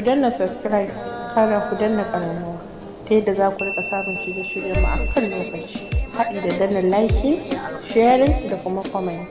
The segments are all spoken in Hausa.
ku danna subscribe kara ku danna karamo ta yadda za ku rika samun shirye-shiryen mu a kan lokaci haɗi da danna liking sharing da kuma comment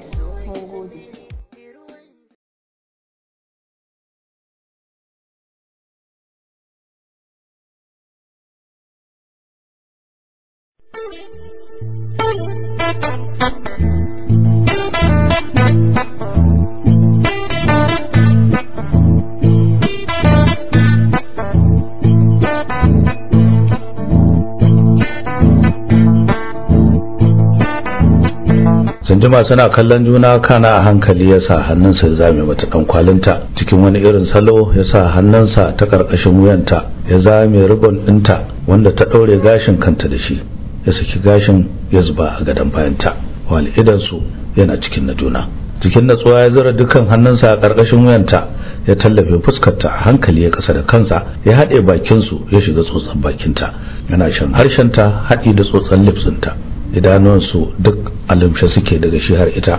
jama'a suna kallon juna kana a hankali ya sa hannunsa ya zame mata dan kwalinta cikin wani irin salo ya sa hannunsa ta karkashin wuyanta ya zame ribon ɗinta wanda ta ɗaure gashin kanta da shi ya saki gashin ya zuba a gadon bayanta walidansu yana cikin na juna cikin natsuwa ya zura dukkan hannunsa a karkashin wuyanta ya tallafe fuskarta a hankali ya kasa da kansa ya haɗe bakinsu ya shiga tsotsan bakinta yana shan harshenta haɗi da tsotsan lipsinta idanuwansu duk alimshe suke daga shi har ita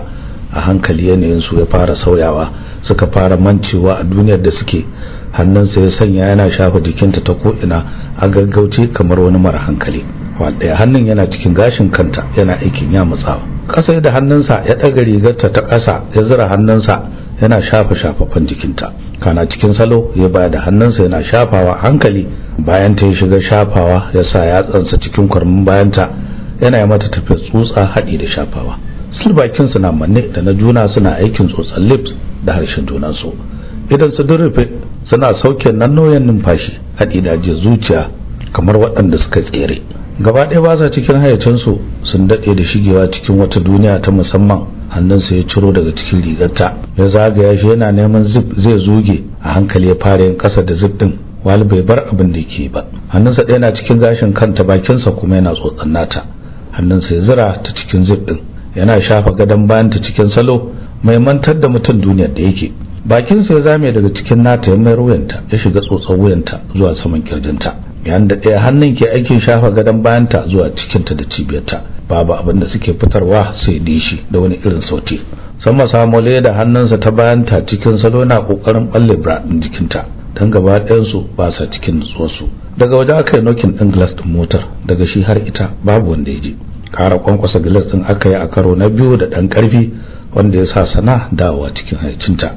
a hankali yanayinsu ya fara sauyawa suka fara mancewa a duniyar da suke hannunsa ya sanya yana shafa jikinta ta ko'ina a gaggauce kamar wani mara hankali wadda hannun yana cikin gashin kanta yana aikin ya matsawa ƙasa da hannunsa ya ɗaga rigarta ta ƙasa ya zira hannunsa yana shafa shafafan jikinta kana cikin salo ya baya da hannunsa yana shafawa hankali bayan ta ya shiga shafawa ya sa yatsansa cikin kwarmin bayanta yana yi mata tafi tsutsa haɗi da shafawa sul bakin su na manne da na juna suna aikin tsotsan lips da harshen juna su idan su rufe suna sauke nan noyan numfashi haɗi da ajiyar zuciya kamar waɗanda suka tsere gaba ɗaya ba sa cikin hayacinsu sun daɗe da shigewa cikin wata duniya ta musamman hannun sa ya ciro daga cikin rigarta ya zagaya shi yana neman zip zai zuge a hankali ya fara yin ƙasa da zip ɗin wal bai bar abin da yake ba hannunsa ɗaya na cikin gashin kanta bakinsa kuma yana tsotsan nata hannunsa ya zira ta cikin zip din yana shafa gadon bayan ta cikin salo mai mantar da mutum duniya da yake bakin sa ya zame daga cikin nata ya mai ya shiga tsotsar wuyanta zuwa saman kirjinta yayin da ɗaya hannun ke aikin shafa gadon ta zuwa cikinta da cibiyarta babu abin da suke fitarwa sai dishi da wani irin sauti sama samole da hannunsa ta bayanta cikin salo na kokarin balle bra din jikinta don gaba ɗayansu ba sa cikin nutsuwarsu daga waje aka yi nokin ɗin glass ɗin motar daga shi har ita babu wanda ya je. kara kwankwasa glass ɗin aka yi a karo na biyu da ɗan ƙarfi wanda ya sa sana dawowa cikin haicinta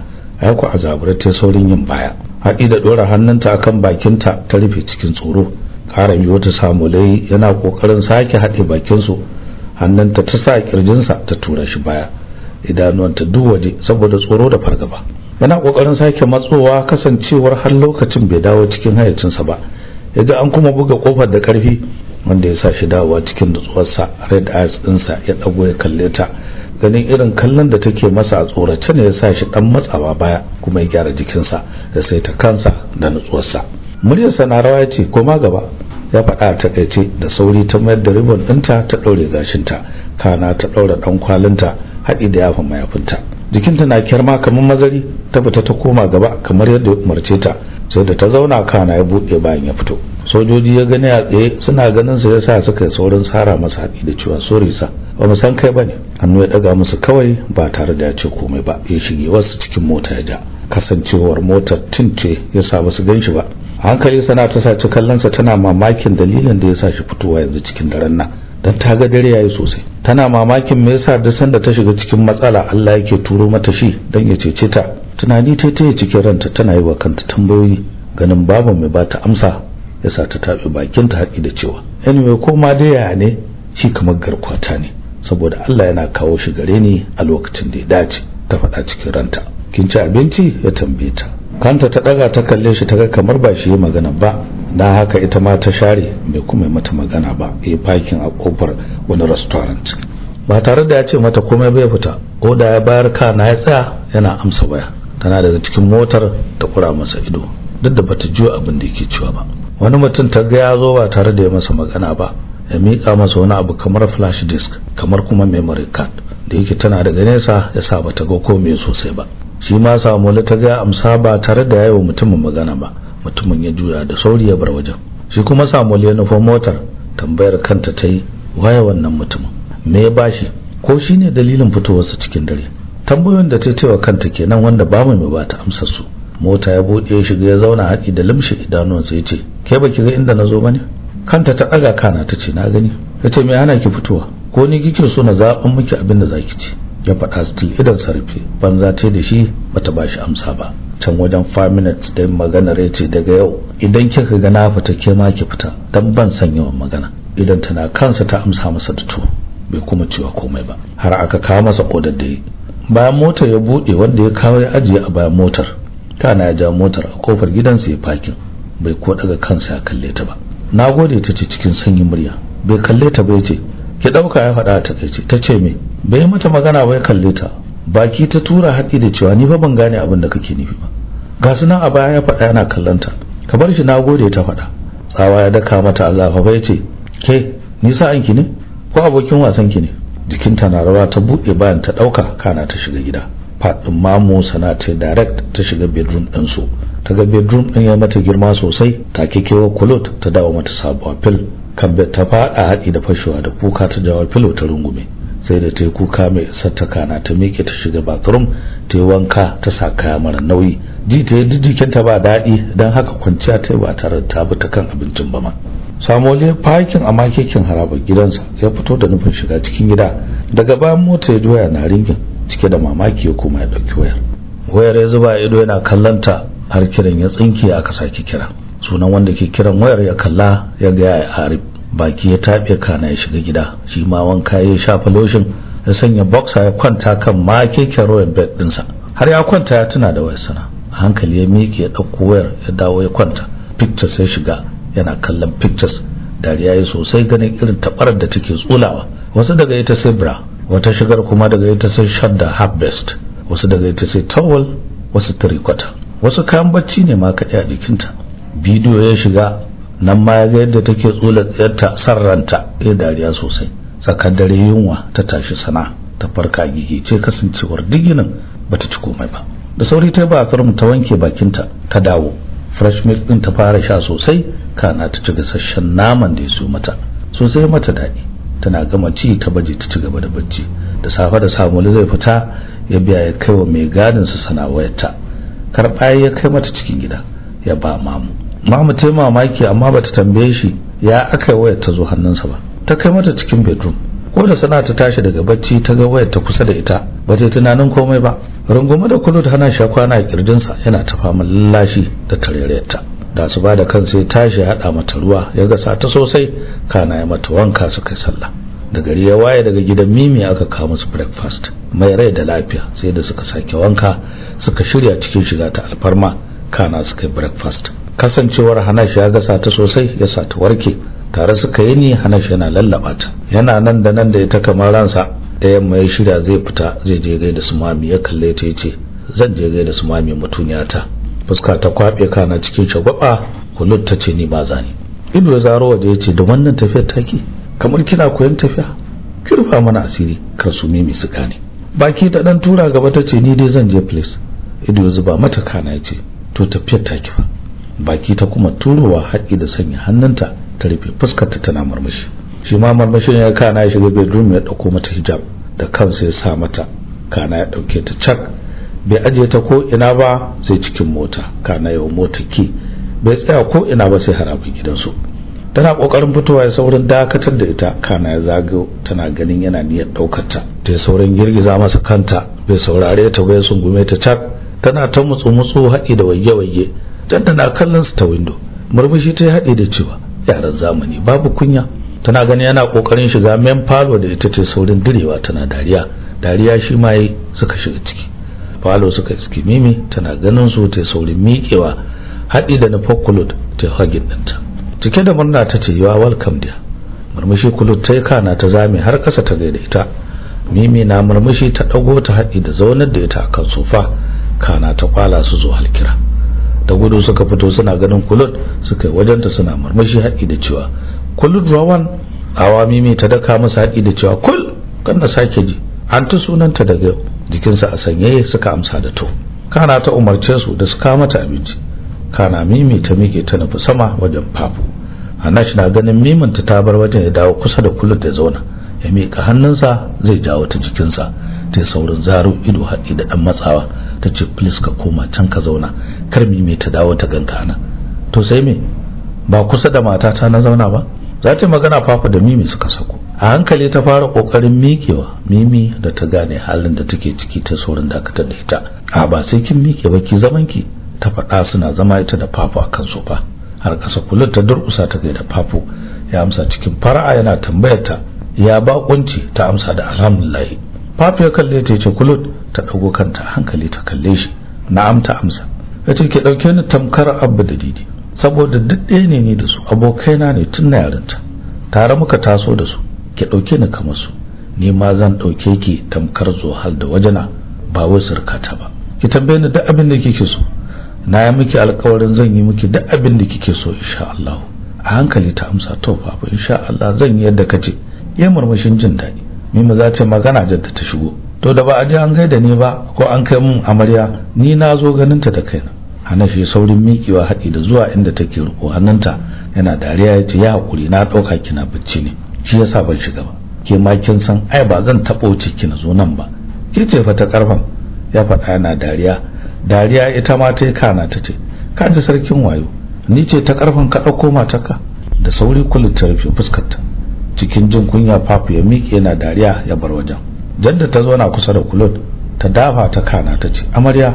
ya ku a zabura ta saurin yin baya haɗi da ɗora hannunta a kan bakinta ta rufe cikin tsoro kara biyu ta samu lai yana ƙoƙarin sake haɗe bakinsu hannunta ta sa ƙirjinsa ta tura shi baya idanuwanta duk waje saboda tsoro da fargaba yana kokarin sake matsowa kasancewar har lokacin bai dawo cikin hayacinsa ba Yadda an kuma buga kofar da karfi wanda ya sa shi dawowa cikin nutsuwarsa red eyes dinsa ya dago ya kalle ta ganin irin kallon da take masa a tsorace ne ya sa shi ɗan matsawa baya kuma ya gyara jikinsa da sai ta kansa da nutsuwarsa muryarsa na rawa ya ce koma gaba ya faɗa a takaice da sauri ta mayar da ribon ɗinta ta ɗaure gashinta kana ta ɗaura ɗan kwalinta haɗi da yafa mayafinta jikinta na kyarma kamar mazari ta fita ta koma gaba kamar yadda ya umarce ta sai da ta zauna kana ya buɗe bayan ya fito sojoji ya gani a tsaye suna ganin sa yasa suka saurin tsara masa haɗi da cewa sori sa ba mu san kai ba ne. hannu ya ɗaga musu kawai ba tare da ya ce komai ba ya shige wasu cikin mota ya ja kasancewar motar tunce ya sa basu shi ba hankali sana ta saci kallon sa tana mamakin dalilin da ya sa shi fitowa yanzu cikin daren nan dan ta ga dare yayi sosai tana mamakin me yasa da sanda ta shiga cikin matsala Allah yake turo mata shi dan ya cece ta tunani ta taya cikin ranta tana yi wa kanta tambayoyi ganin babu mai bata amsa yasa ta tafi bakin ta haƙi da cewa anyway ko ma da yaya ne shi kamar garkwata ne saboda Allah yana kawo shi gare ni a lokacin da ya dace ta faɗa cikin ranta kin ci abinci ya tambaye ta kanta ta daga ta kalle shi ta ga kamar ba shi yi magana ba na haka ita ma ta share mai kuma mata magana ba eh parking a kofar wani restaurant ba tare da ya ce mata komai bai fita ko da ya bayar ka na ya tsaya yana amsa waya tana daga cikin motar ta kura masa ido duk da bata jiyo abin da yake cewa ba wani mutum ta ga ya zo ba tare da ya masa magana ba ya miƙa masa wani abu kamar flash disk kamar kuma memory card da yake tana daga nesa ya sa bata ga komai sosai ba shi ma samu ta ga amsa ba tare da yayi wa mutumin magana ba mutumin ya juya da sauri ya bar wajen shi kuma samuel ya nufa motar tambayar kanta ta yi waye wannan mutumin me ya bashi ko shine dalilin fitowarsa cikin dare tambayoyin da ta taiwa kanta kenan wanda ba mu ba ta amsa su mota ya buɗe ya shiga ya zauna haɗi da limshe idanuwansa ya ce ke baki ga inda na zo ne? kanta ta ɗaga kana ta ce na gani ta ce me ana ki fitowa ko ni kike so na zaɓin miki abin da ki ci ya faɗa still idan sarfe banza ta da shi bata bashi amsa ba can wajen 5 da maganar ya ce daga yau idan kika ga na fita ke ma ki fita dan ban san yawan magana idan tana kansa ta amsa masa da to bai kuma cewa komai ba har aka kawo masa kodar da bayan motar ya bude wanda ya kawo ya ajiye a bayan motar tana ya ja motar a kofar gidansa ya fakin bai ko daga kansa ya kalle ta ba na gode ta ce cikin sanyin murya bai kalle ta ba ya ce ki dauka ya faɗa ta kai ce ta ce me bai mata magana bai kalle ta baki ta tura haɗi da cewa ni fa ban gane abin da kake nufi ba ga sunan a baya ya faɗa yana kallonta ka bar shi nagode ta faɗa tsawa ya daka mata Allah fa bai ce ke ni sa'an ki ne ko abokin wasan ki ne jikinta na rawa ta buɗe bayan ta ɗauka kana ta shiga gida faɗin mamu sana ta direct ta shiga bedroom ɗin su ta ga bedroom ɗin ya mata girma sosai ta kekewa kulot ta dawo mata sabuwa fil kan ta faɗa haɗi da fashewa da kuka ta jawo filo ta rungume sai da ta yi kuka mai sattaka na ta miƙe ta shiga bathroom ta yi wanka ta sa kaya mara nauyi ji ta yi ta ba daɗi don haka kwanciya ta yi ba tare ta bi ta kan abincin ba ma samole fakin a makekin harabar gidansa ya fito da nufin shiga cikin gida daga bayan mota ya doya na ringin cike da mamaki ya koma ya ɗauki wayar wayar ya zuba ido yana kallanta har kiran ya tsinke aka sake kira sunan wanda ke kiran wayar ya kalla ya ga ya arif baki ya taɓe kana ya shiga gida shi ma wanka ya shafa loshin ya sanya boxa ya kwanta kan makeken royal bed ɗinsa har ya kwanta ya tuna da wayar sana a hankali ya miƙe ya ɗauko wayar ya dawo ya kwanta pictures ya shiga yana kallon pictures dariya ya sosai ganin irin tabarar da take tsulawa wasu daga ita sai bra wata shigar kuma daga ita sai shadda half vest wasu daga ita sai towel wasu three wasu kayan bacci ne ma ka a jikinta bidiyo ya shiga nan ma ya ga yadda take tsula tsayarta sarranta ya dariya sosai tsakar dare yunwa ta tashi sana ta farka gigi ce kasancewar diginin bata ci komai ba da sauri ta ba mu ta wanke bakinta ta dawo fresh milk din ta fara sha sosai kana ta ci gasashen naman da ya so mata sosai mata daɗi tana gama ci ta baje ta ci gaba da bacci da safe da samuli zai fita ya biya ya kai wa mai gadin su wayarta karɓa ya kai mata cikin gida ya ba mamu mamu ta mamaki amma bata tambaye shi ya aka wayar ta zo hannunsa ba ta kai mata cikin bedroom ko da sana ta tashi daga bacci ta ga wayar ta kusa da ita ba ta tunanin komai ba rungume da kullu hana sha kwana a kirjinsa yana ta fama lallashi da tarereta da su ba da sai sai tashi ya hada mata ruwa ya gasa ta sosai kana ya mata wanka su kai sallah da gari ya waye daga gidan mimi aka kawo musu breakfast mai rai da lafiya sai da suka sake wanka suka shirya cikin shiga ta alfarma kana suka breakfast kasancewar hanash ya gasa ta sosai ya sa ta warke tare suka yi ni hanash yana lallaba ta yana nan da nan da ita kamar ransa da yamma ya shirya zai fita zai je gaida su mami ya kalle ta yace zan je gaida su mami ta fuska ta kwabe kana cikin shagwaba kulut ta ce ni ma zani ido ya zaro waje yace da wannan tafiyar taki kamar kina koyon tafiya kirfa mana asiri kar su mimi su gane baki ta dan tura gaba ta ce ni dai zan je place ido ya zuba mata kana yace to tafiyar ta ba, baki ta kuma turowa haƙi da sanya hannunta ta rufe ta tana marmashi shi ma marmashin ya kana ya shiga bedroom ya ɗauko mata hijab da kansa ya sa mata kana ya ɗauke ta cak bai ajiye ta ko ina ba sai cikin mota kana yau mota ki bai tsaya ko ina ba sai harabin gidansu tana kokarin fitowa ya saurin dakatar da ita kana ya zago tana ganin yana niyyar daukar ta da saurin girgiza masa kanta bai saurare ta ya sungume ta cak. tana ta mutsu mutsu haɗi da wayye-wayye dan tana kallon su ta window murmushi ta haɗi da cewa yaran zamani babu kunya tana gani yana kokarin shiga main falo da ita ce saurin direwa tana dariya dariya shi ma yi suka shiga ciki falo suka iske mimi tana ganin su ta saurin miƙewa haɗi da na fokulot ta hagin ɗinta cike da murna ta ce yawa welcome dear murmushi kulut ta yi kana ta zame har kasa ta gaida ita mimi na murmushi ta ɗago ta haɗi da zaunar da ita kan sofa kana ta kwala su zo halkira da gudu suka fito suna ganin kulut suka wajen wajenta suna murmushi haɗi da cewa kulut rawan awami mai ta daka masa haɗi da cewa kul kan na sake ji an ta sunanta daga jikinsa a sanyaye suka amsa da to kana ta umarce su da su kawo mata abinci kana mimi ta mike ta nufi sama wajen fafu Hanash na ganin miminta ta ta bar wajen ya dawo kusa da kulut da zauna ya miƙa hannunsa zai jawo ta jikinsa ta saurin zaro ido haɗi da ɗan matsawa ta ce please ka koma can ka zauna kar mi mai ta dawo ta ganka na to sai me ba kusa da matata na zauna ba za ta magana fafa da mimi suka sako a hankali ta fara kokarin mikewa mimi da ta gane halin da take ciki ta saurin dakatar da ita a ba sai kin mike ba ki zaman ki ta faɗa suna zama ita da fafa a kan sofa har kasa kullum ta durƙusa ta gaida fafo ya amsa cikin fara'a yana tambayar ta ya baƙunci ta amsa da alhamdulillah Fafiya ya kalle ta yace kulut ta dago kanta hankali ta kalle shi na'am ta amsa yace ke dauke ni tamkar abba da didi saboda duk ɗaya ne ni da su abokaina ne tun na yarinta tare muka taso da su ke dauke ni kamar su ni ma zan dauke ki tamkar zohal da wajena ba wai surkata ba ki tambaye ni duk abin da kike so na yi miki alƙawarin zan yi miki duk abin da kike so insha Allah a hankali ta amsa to fa insha Allah zan yi yadda kace ya murmushin jin daɗi Mima za ce magana da ta shigo to da ba a ji an gaida ni ba ko an kai mun amarya ni na zo ganin ta da kaina Hanafi saurin mikewa haɗi da zuwa inda take riko hannunta yana dariya ya ce ya hakuri na ɗauka kina bacci ne shi yasa ban shiga ba ke ma kin san ai ba zan taɓa wuce kina zo nan ba ki ce fa ta karfan ya faɗa yana dariya dariya ita ma ta yi kana ta ce ka ji sarkin wayo ni ce ta karfan ka ɗauko matarka da sauri kulin ta rufe fuskarta cikin jin kunya papu ya miƙe yana dariya ya bar wajen jadda ta zo na kusa da kulot ta dafa ta kana ta ce amarya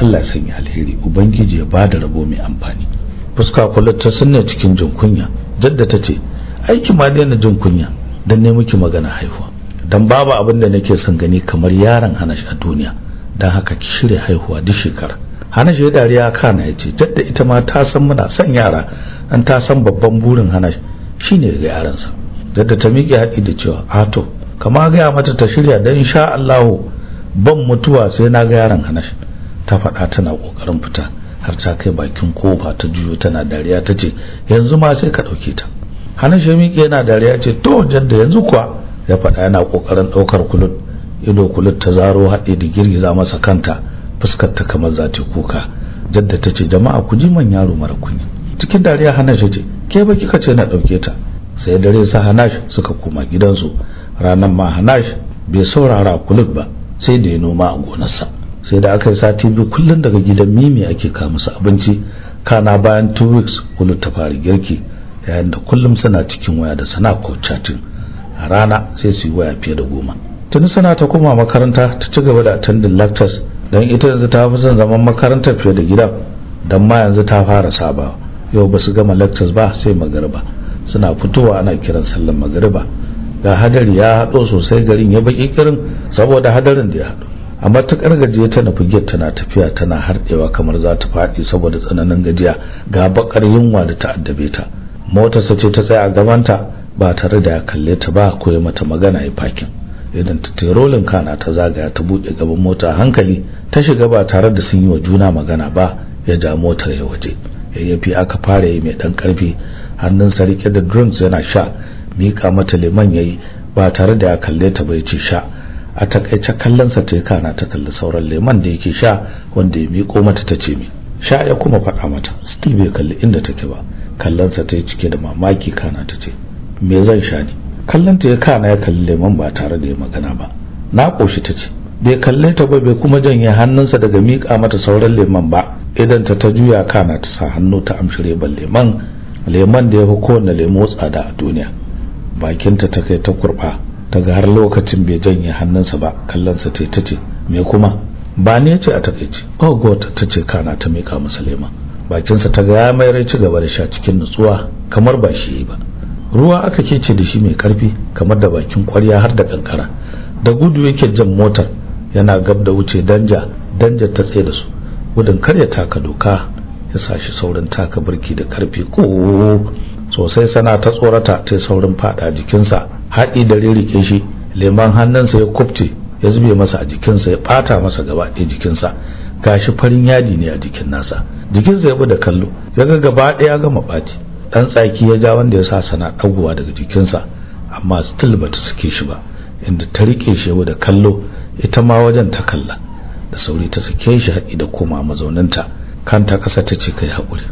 Allah ya sanya alheri ubangiji ya bada rabo mai amfani fuska kulot ta sunne cikin jin kunya jadda ta ce aiki ma daina jin kunya dan ne miki magana haihuwa dan babu abin da nake son gani kamar yaron Hanash a duniya dan haka ki shirya haihuwa duk shekara Hana ya dariya kana ya ce jadda ita ma ta san muna son yara an ta san babban burin Hanash shine ga yaransa dadda ta miƙe haɗi da cewa to kama gaya mata ta shirya don sha Allahu ban mutuwa sai na ga yaron hanash ta faɗa tana ƙoƙarin fita har ta kai bakin kofa ta juyo tana dariya ta ce yanzu ma sai ka ɗauke ta hanash ya miƙe yana dariya ce to jadda yanzu kuwa ya faɗa yana ƙoƙarin ɗaukar kulut ido kulut ta zaro haɗe da girgiza masa kanta fuskar ta kamar za ta kuka jadda ta ce jama'a ku ji man yaro mara kunya cikin dariya hanash ya ce ke ba kika ce na ɗauke ta sai dare su hanash suka koma gidansu ranar ma hanash bai saurara kulub ba sai da ya noma a gonarsa sai da aka yi sati biyu kullum daga gidan mimi ake kawo musu abinci kana bayan two weeks kulub ta fara girki yayin da kullum suna cikin waya da suna ko chatting a rana sai su yi waya fiye da goma tuni suna ta koma makaranta ta ci gaba da attending lectures don ita yanzu ta fi son zaman makaranta fiye da gidan don ma yanzu ta fara sabawa yau ba su gama lectures ba sai magarba. suna fitowa ana kiran sallan magariba ga hadari ya hado sosai garin ya baki kirin saboda hadarin da ya hadu. a matukar gajiya ta nufi tana tafiya tana hardewa kamar za ta faɗi saboda tsananin gajiya ga bakar yunwa da ta addabe ta motarsa ce ta tsaya a gabanta ba tare da ya kalle ta ba ko ya mata magana ya fakin idan ta ka kana ta zagaya ta buɗe gaban mota hankali ta shiga ba tare da sun yi wa juna magana ba ya ja motar ya waje yayyafi aka fara yi mai dan karfi hannun sarki da drones yana sha mika mata liman yayi ba tare da ya kalle ta bai ce sha a takaice kallonsa ta kana ta kalli sauran liman da yake sha wanda ya miko mata ta mi sha ya kuma faɗa mata steve ya kalli inda take ba kallonsa ta yi cike da mamaki kana ta me zan sha ni?" Kallon ta ya kana ya kalli liman ba tare da ya magana ba na koshi ta ce bai kalle ta ba bai kuma janye hannunsa daga mika mata sauran liman ba idan ta ta juya kana ta sa hannu ta amshi reban leman leman da ya fi kowane lemo tsada a duniya bakinta ta kai ta kurba ta ga har lokacin bai janye hannunsa ba kallonsa ta ta ce me kuma ba ne ce a takaici oh ta ce kana ta mika masa leman bakinsa ta ga ya mai rai ci gaba da sha cikin nutsuwa kamar ba shi ba ruwa aka kece da shi mai karfi kamar da bakin kwarya har da kankara da gudu yake jan motar yana gab da wuce danja danja ta tsaye da su gudun karya taka doka ya sashi saurin taka birki da karfi ko sosai sana ta tsorata ta saurin fada jikinsa haɗi da ririke shi leman hannunsa ya kubce ya zube masa a jikinsa ya ɓata masa gaba ɗaya jikinsa gashi farin yadi ne a jikin nasa jikinsa ya bi da kallo ya ga gaba ɗaya gama ɓaci ɗan tsaki ya ja wanda ya sa sana ɗaguwa daga jikinsa amma still bata suke shi ba inda ta riƙe shi da kallo ita ma wajen ta kalla da sauri ta sake shi haɗi da koma mazauninta kanta ƙasa ta ce kai haƙuri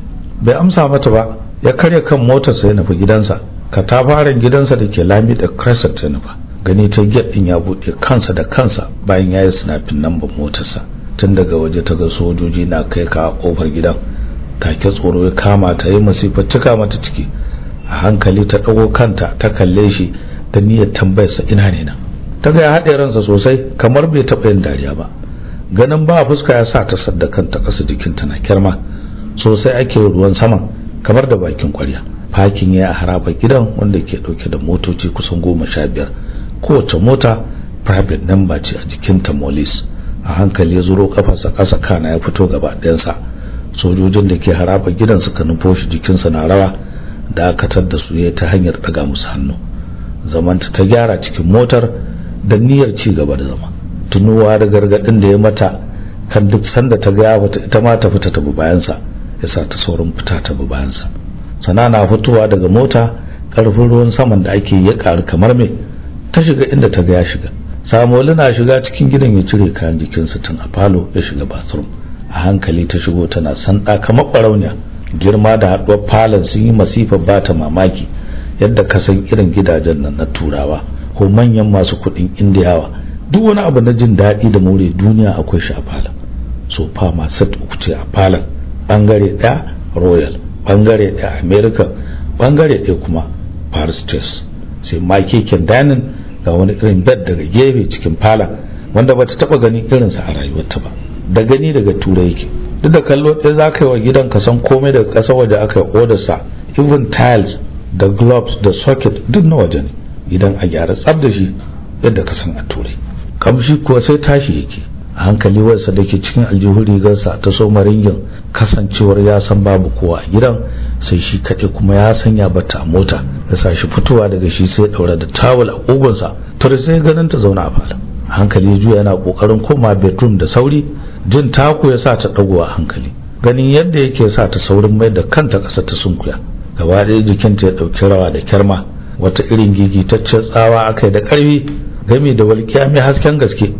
bai amsa mata ba ya karya kan motarsa ya nufi gidansa katafaren gidansa da ke lami da crescent ta nufa gani ta gate din ya buɗe kansa da kansa bayan ya yi sinafin namban motarsa tun daga waje ta ga sojoji na kai ka kofar gidan take tsoro ya kama ta yi masifar cika mata ciki a hankali ta ɗago kanta ta kalle shi da niyyar tambayarsa ina ne nan ta ga ya haɗe ransa sosai kamar bai taɓa yin dariya ba ganin ba fuska ya sa ta sadda kanta ƙasa jikinta na kirma sosai ake ruwan sama kamar da bakin kwarya fakin ya a haraba gidan wanda ke dauke da motoci kusan goma sha biyar kowace mota private number ce a jikinta molis a hankali ya zuro kafarsa kasa kana ya fito gaba ɗayansa sojojin da ke haraba gidan suka nufo shi jikinsa na rawa dakatar da su ya ta hanyar ɗaga musu hannu zamanta ta gyara cikin motar da niyyar ci gaba da zama tunuwa da gargadin da ya mata kan duk sanda ta ga wata ita ma ta fita ta bi bayansa ya sa ta saurin fita ta bi bayansa sana na fitowa daga mota karfin ruwan saman da ake ya karu kamar me ta shiga inda ta ga ya shiga Samuel na shiga cikin gidan ya cire kayan jikinsa tun a falo ya shiga bathroom a hankali ta shigo tana san kamar barauniya girma da haɗuwar falon sun yi masifa ba ta mamaki yadda ka san irin gidajen nan na turawa ko manyan masu kuɗin indiyawa duk wani abu na jin daɗi da more duniya akwai shi a falon so fama set uku ce a falon bangare ɗaya royal bangare ɗaya america ɓangare ɗaya kuma paris chess sai ma keken danin ga wani irin bed daga gefe cikin falon wanda bata taɓa gani irinsa a rayuwarta ba da gani daga turai yake duk da kallo ɗaya za ka yi wa gidan ka san komai daga ƙasa waje aka yi sa even tiles da gloves da socket duk na waje ne idan a gyara tsab da shi yadda ka san a turai kamshi kuwa sai tashi yake hankali wasa da ke cikin aljihun rigarsa ta so maringin kasancewar ya san babu kowa a gidan sai shi kaɗai kuma ya sanya bata a mota da sa shi fitowa daga shi sai ɗaura da tawul a ƙugunsa tare sai ganin ta zauna a falon hankali ya juya yana ƙoƙarin koma bedroom da sauri jin taku ya sa ta ɗagowa hankali ganin yadda yake sa ta saurin mai da kanta ƙasa ta sunkuya gaba ɗaya jikinta ya ɗauki rawa da kyarma wata irin gigitaccen tsawa aka yi da ƙarfi game da walƙiya mai hasken gaske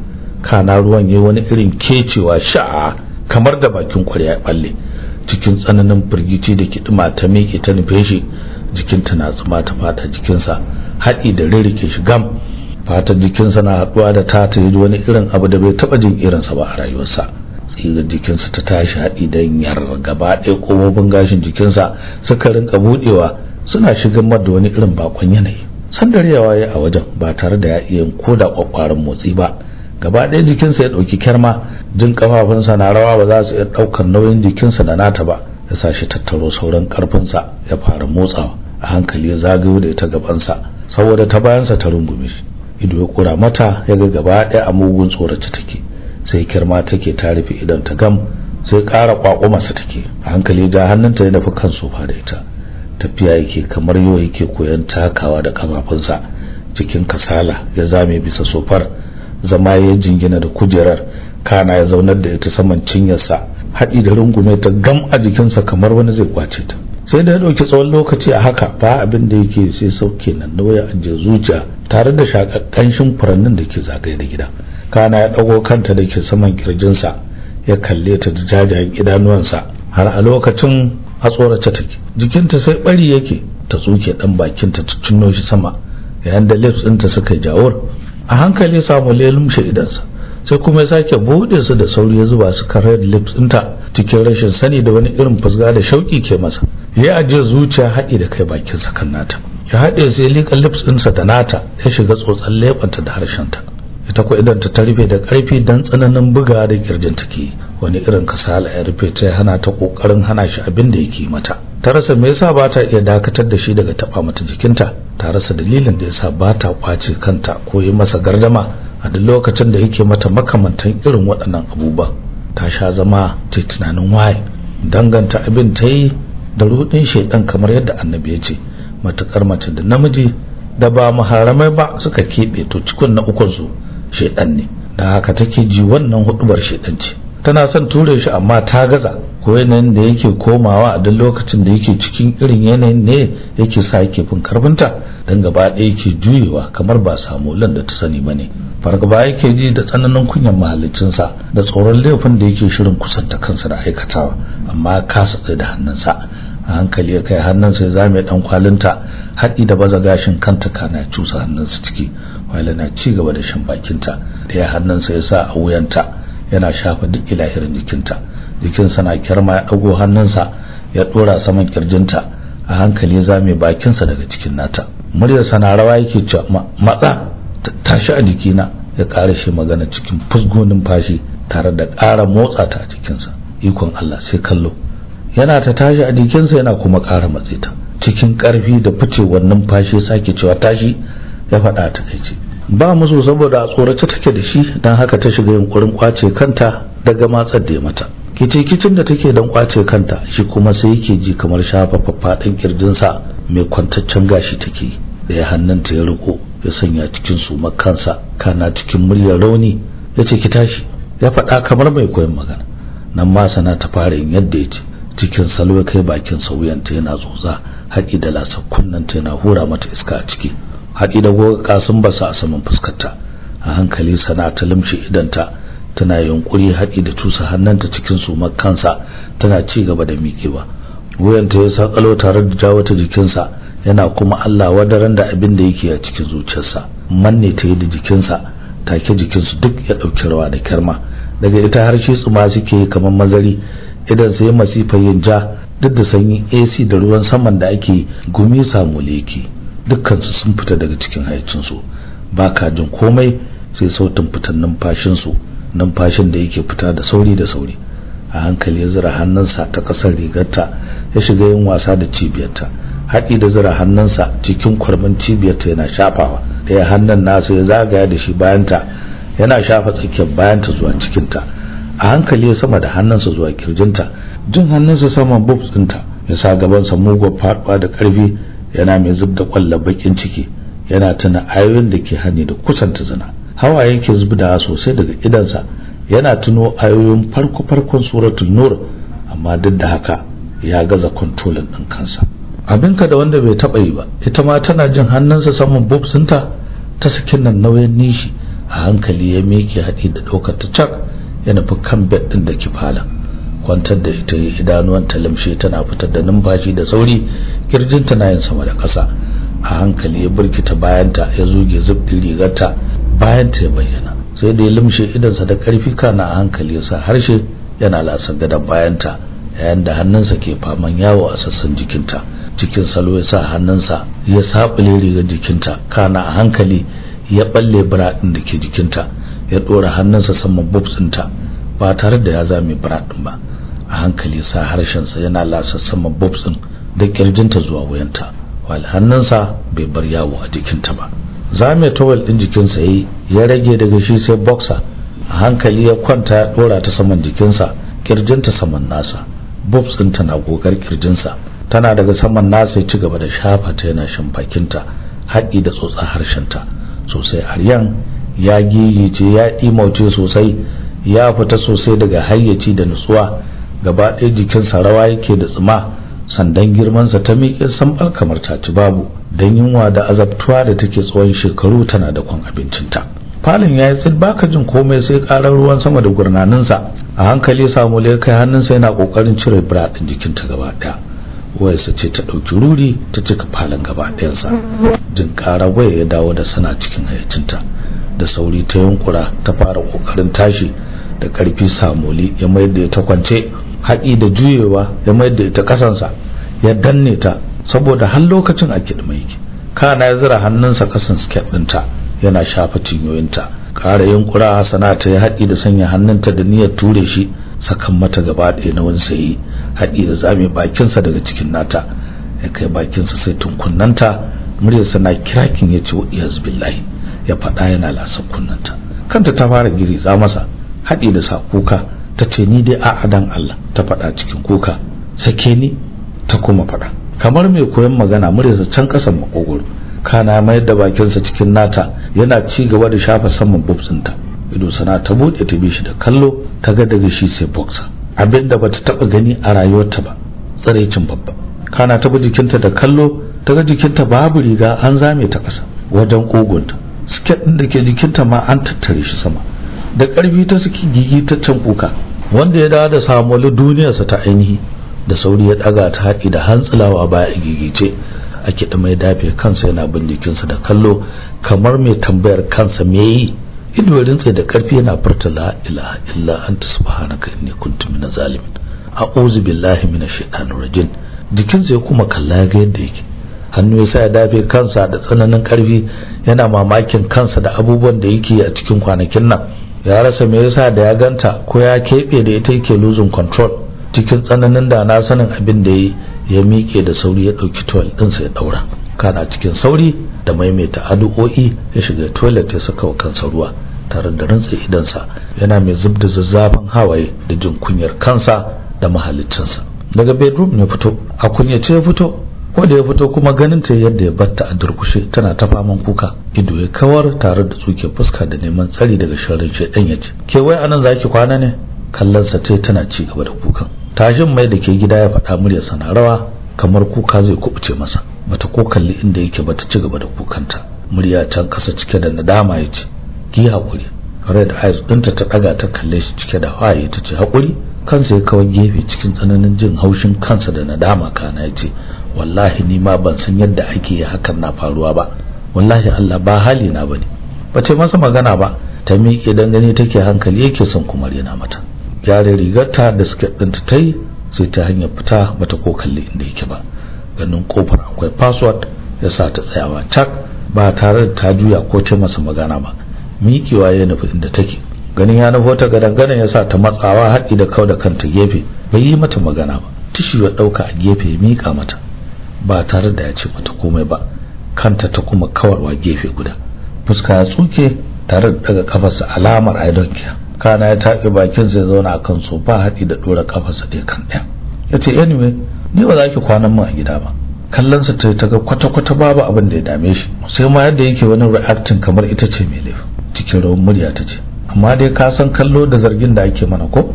kana ruwan yi wani irin kecewa sha'a kamar da bakin kwarya balle cikin tsananin firgici da kiɗima ta miƙe ta nufe shi jikinta na tsuma ta fata jikinsa haɗi da ririke shi gam fatar jikinsa na haɗuwa da ta ta wani irin abu da bai taɓa jin irinsa ba a rayuwarsa tsirar jikinsa ta tashi haɗi da yar gaba ɗaya ƙofofin gashin jikinsa suka rinka buɗewa suna shigar da wani irin bakon yanayi sandarewa ya a wajen ba tare da ya iya koda kwakwaran motsi ba gaba ɗaya jikinsa ya ɗauki kyarma jin kafafunsa na rawa ba za su iya ɗaukar nauyin jikinsa da nata ba ya sa shi tattaro sauran ƙarfinsa ya fara motsawa a hankali ya zagayo da ita gabansa saboda ta bayansa ta rungume shi ido ya kura mata ya ga gaba ɗaya a mugun tsorata take sai karma take ta rufe idan ta gam sai ƙara kwakwumarsa take a hankali ja hannunta ya nufi kan sofa da ita tafiya yake kamar yau yake koyon takawa da kafafunsa cikin kasala ya zame bisa sofar zama ya jingina da kujerar kana ya zaunar da ita saman cinyarsa haɗi da rungume ta gam a jikinsa kamar wani zai kwace ta sai da ya ɗauki tsawon lokaci a haka ba abin da yake sai sauke nauyi a ajiye zuciya tare da shakakkanshin furannin da ke zagaye da gida kana ya ɗago kanta da ke saman kirjinsa ya kalle ta da jajayen idanuwansa har a lokacin hatsorace take jikinta sai bari yake ta tsuke dan bakinta ta tunno shi sama yayin da lips ɗinta suka jawur a hankali samu lumshe idansa sai kuma ya sake buɗe su da sauri ya zuba su red lips ɗinta cikin rashin sani da wani irin fusga da shauki ke masa ya ajiye zuciya haɗi da kai bakin sakan nata ya haɗe sai lika lips ɗinsa da nata ya shiga tsotsan leɓanta da harshen ta. ita ko idan ta ta rufe da karfi dan tsananin buga da kirjin take wani irin kasala ya rufe ta hana ta kokarin hana shi abin da yake mata ta rasa me yasa ba ta iya dakatar da shi daga taba mata jikinta ta rasa dalilin da yasa ba ta kwace kanta ko yi masa gardama a duk lokacin da yake mata makamantan irin waɗannan abubuwan ta sha zama ta tunanin waye danganta abin ta yi da rudin shaidan kamar yadda annabi ya ce matukar mace da namiji da ba maharamai ba suka keɓe to cikin na ukun su shedan ne da haka take ji wannan hudubar shedan ce tana son ture shi amma ta gaza ko yanayin da yake komawa a duk lokacin da yake cikin irin yanayin ne yake sa yake fin karfinta don gaba ɗaya yake juyewa kamar ba samu da ta sani ba ne fargaba yake ji da tsananin kunyan mahalicinsa da tsoron laifin da yake shirin kusanta kansa da aikatawa amma kasa tsaye da hannunsa a hankali ya kai hannunsa ya zame dan kwalinta haɗi da baza gashin kanta kana cusa hannunsa ciki wala na ci gaba da shan bakinta da ya hannunsa ya sa a wuyanta yana shafa duk ilahirin jikinta jikinsa na kirma ya ɗago hannunsa ya ɗora saman kirjinta a hankali za mai bakinsa daga cikin nata muryar sa na rawa yake cewa matsa tashi a jikina ya ƙara shi magana cikin fusgonin fashi tare da ƙara motsa ta a jikinsa ikon Allah sai kallo yana ta tashi a jikinsa yana kuma ƙara matsita. cikin ƙarfi da wannan fashi sake cewa tashi ya faɗa ta kai ce ba musu saboda a tsorace take da shi don haka ta shiga yunkurin kwace kanta daga matsar da mata kici-kicin da take don kwace kanta shi kuma sai yake ji kamar shafa faffaɗin kirjinsa mai kwantaccen gashi take da ya hannunta ya riko ya sanya cikin su kansa kana cikin muryar rauni ya ce ki tashi ya faɗa kamar mai koyon magana nan ma sana ta fara yin yadda ya ce cikin salo ya kai bakin sauyanta yana tsotsa haƙi da lasa kunnanta yana hura mata iska a ciki haɗi da goga ba su a saman fuskarta a hankali sana ta limshe idanta tana yunkuri haɗi da tusa hannanta cikin su kansa tana ci gaba da miƙewa wuyanta ya sa sakalo tare da jawo ta jikinsa yana kuma Allah wadaran da abin da yake a cikin zuciyarsa manne ta yi da jikinsa take jikinsu duk ya ɗauki rawa da kyarma daga ita har shi tsuma suke kamar mazari idan sai masifa yin ja duk da sanyi AC da ruwan saman da ake gumi samu leki dukkansu sun fita daga cikin haicinsu ba ka jin komai sai sautin fitan numfashinsu numfashin da yake fita da sauri da sauri a hankali ya zira hannunsa ta ƙasar rigarta ya shiga yin wasa da cibiyarta haɗi da zira hannunsa cikin kwarmin cibiyarta yana shafawa da ya hannun nasa ya zagaya da shi bayanta yana shafa tsakiyar bayanta zuwa cikinta a hankali ya sama da hannunsa zuwa kirjinta jin hannunsa sama bobs ɗinta ya sa gabansa mugun faɗuwa da ƙarfi yana mai zub da kwallon bakin ciki yana tuna ayoyin da ke hani da kusanta zina hawayen ke zubdawa sosai daga idansa yana tuno ayoyin farko-farkon suratul nur amma duk da haka ya gaza kontrolin ɗin kansa abinka da wanda bai taɓa yi ba ita ma tana jin hannunsa saman bobsinta ta sakin nan nauyin nishi a hankali ya miƙe haɗi da ɗaukar ta cak ya nufi kan bed ɗin da kifala kwantar da ita idanuwan ta limshe tana fitar da numfashi da sauri kirjinta na yin sama da ƙasa a hankali ya burkita bayanta ya zuge zubɗin rigarta bayanta ya bayyana sai da ya idon sa da ƙarfi kana a hankali ya sa harshe yana lasar da bayanta yayin da hannunsa ke faman yawo a sassan jikinta cikin salo ya sa hannunsa ya sabule rigar jikinta kana a hankali ya balle bra din da ke jikinta ya ɗora hannunsa saman bobs ɗinta ba tare da ya zame bra din ba a hankali sa harshen sa yana lasa saman boobs ɗin da kirjinta zuwa wuyanta wal hannunsa bai bar yawo a jikinta ba zame towel din jikinsa yi ya rage daga shi sai boxer a hankali ya kwanta ya dora ta saman jikinsa kirjinta saman nasa bobs din tana gogar kirjinsa tana daga saman nasa ya ci gaba da shafa ta yana shimfakinta haƙi da tsotsa harshenta sosai aryan ya gigice ya mauce sosai ya fita sosai daga hayyaci da nutsuwa gaba ɗaya jikinsa rawa yake da tsuma sandan girmansa ta miƙe sambal kamar taci babu don yunwa da azabtuwa da take tsawon shekaru tana da kwan abincinta falin ya yi tsid baka jin komai sai karar ruwan sama da gurnaninsa a hankali samu ya kai hannunsa yana ƙoƙarin cire bra ɗin jikinta gaba ɗaya wayarsa ce ta ɗauki ruri ta cika falin gaba ɗayansa jin ƙara waya ya dawo da suna cikin hayyacinta. da sauri ta yunkura ta fara kokarin tashi da ƙarfi samuli ya mayar da ya ta kwance haƙi da juyewa ya mai da ita ƙasansa ya danne ta saboda har lokacin a kiɗima yake kana ya zira hannunsa kasan siket ɗinta yana shafa tinyoyinta ƙara yunkura hasana ta ya haƙi da sanya hannunta da niyyar ture shi sakan mata gaba ɗaya na wani yi. haɗi da zame bakinsa daga cikin nata ya kai bakinsa sai tunkunnanta muryarsa na kirakin ya ce wa billahi ya faɗa yana lasa kunnanta kanta ta fara giri za masa haɗi da sa kuka ta ce ni dai a'a dan Allah ta faɗa cikin kuka sake ni ta kuma faɗa kamar mai koyon magana muryarsa can ƙasan makogoro kana mayar da bakinsa cikin nata yana ci gaba da shafa saman bubsinta ido sana ta buɗe ta bi shi da kallo ta ga daga shi sai boxer abinda bata taɓa gani a rayuwarta ba tsaraicin babba kana ta jikinta da kallo ta ga jikinta babu riga an zame ta ƙasa wajen kogonta siket ɗin da ke jikinta ma an tattare shi sama da ƙarfi ta suke gigi ta wanda ya dawo da samuwar duniyarsa ta ainihi da sauri ya ɗaga ta haɗi da hantsulawa baya a gigice a kiɗa mai dafe kansa yana bindikinsa da kallo kamar mai tambayar kansa me yi ido rintse da ƙarfi yana furta la ilaha illa anta subhanaka inni kuntu min zalimin a'udhu billahi minash shaitanir rajim jikinsa ya kuma kalla ga yadda yake hannu ya sa ya dafe kansa da tsananin ƙarfi yana mamakin kansa da abubuwan da yake a cikin kwanakin nan ya rasa me yasa da ya ganta ko ya keɓe da ita yake losing control cikin tsananin da na sanin abin da ya ya miƙe da sauri ya ɗauki towel ɗinsa ya ɗaura kana cikin sauri da maimaita addu'o'i ya shiga toilet ya saka wa kansa ruwa tare da rantsa idansa yana mai zub da zazzafin hawaye da jin kunyar kansa da mahaliccinsa daga bedroom ne fito a kunyace ya fito ko ya fito kuma ganin ta yadda ya batta a durkushe tana ta faman kuka ido ya kawar tare da tsuke fuska da neman tsari daga sharrin shedan ya ce ke wai anan zaki kwana ne kallon sa tai tana ci gaba da kukan tashin mai da ke gida ya faɗa murya sana rawa kamar kuka zai kubuce masa bata ko kalli inda yake bata ci gaba da kukan ta murya can kasa cike da nadama ya ce ki hakuri, red eyes ɗinta ta ɗaga ta kalle shi cike da haye ta ce hakuri? kansa ya kawar gefe cikin tsananin jin haushin kansa da nadama kana yace wallahi ni ma ban san yadda ake hakan na faruwa ba wallahi Allah ba hali na bane bace masa magana ba ta miƙe dan gani take hankali yake son kumar yana mata gyara rigarta da suke dinta ta sai ta hanyar fita bata ko kalli inda yake ba ganin kofar akwai password ya sa ta tsayawa cak ba tare da ta juya ko ta masa magana ba miƙewa ya nufi inda take ganin ya nufo ta ganin ya sa ta matsawa haɗi da kau da kanta gefe bai yi mata magana ba tishi ya ɗauka a gefe ya miƙa mata ba tare da ya ce mata komai ba kanta ta kuma kawarwa gefe guda fuska ya tsuke tare da daga kafarsa alamar a don kiya kana ya taɓe bakin zai zauna a kan sofa haɗi da ɗora kafarsa ɗaya kan ɗaya ya ce anyway ni ba za ki kwanan min a gida ba kallonsa ta ta ga kwata-kwata babu abin da ya dame shi sai ma yadda yake wani reacting kamar ita ce mai laifi. cikin rawan murya ta ce amma dai ka san kallo da zargin da ake mana ko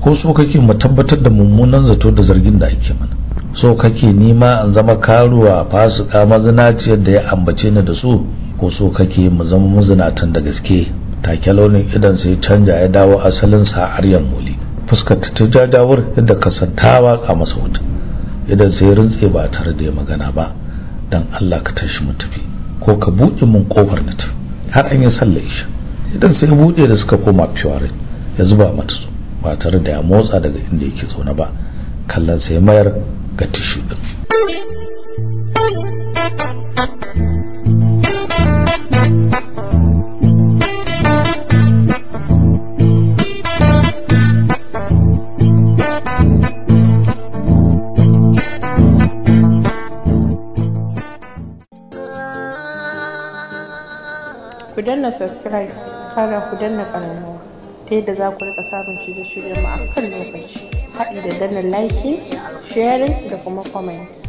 ko so kake mu tabbatar da mummunan zato da zargin da ake mana so kake nima an zama karuwa fasika mazinaciyar da ya ambace ni da su ko so kake mu zama mazinatan da gaske take launin idan sai canja ya dawo asalin sa aryan muli fuskar ta ta jajawar yadda kasantawa a masa wuta idan sai rintse ba tare da ya magana ba dan Allah ka tashi mu tafi ko ka buɗe mun kofar na ta, har an yi sallar isha idan sai bude da suka koma fiware ya zuba mata su ba tare da ya motsa daga inda yake zaune ba kallon sai mayar ga tishu din ku danna subscribe kada ku danna ƙararrawa ta yadda za ku rika samun shirye-shiryen mu a kan lokaci haɗi da danna liking sharing da kuma comment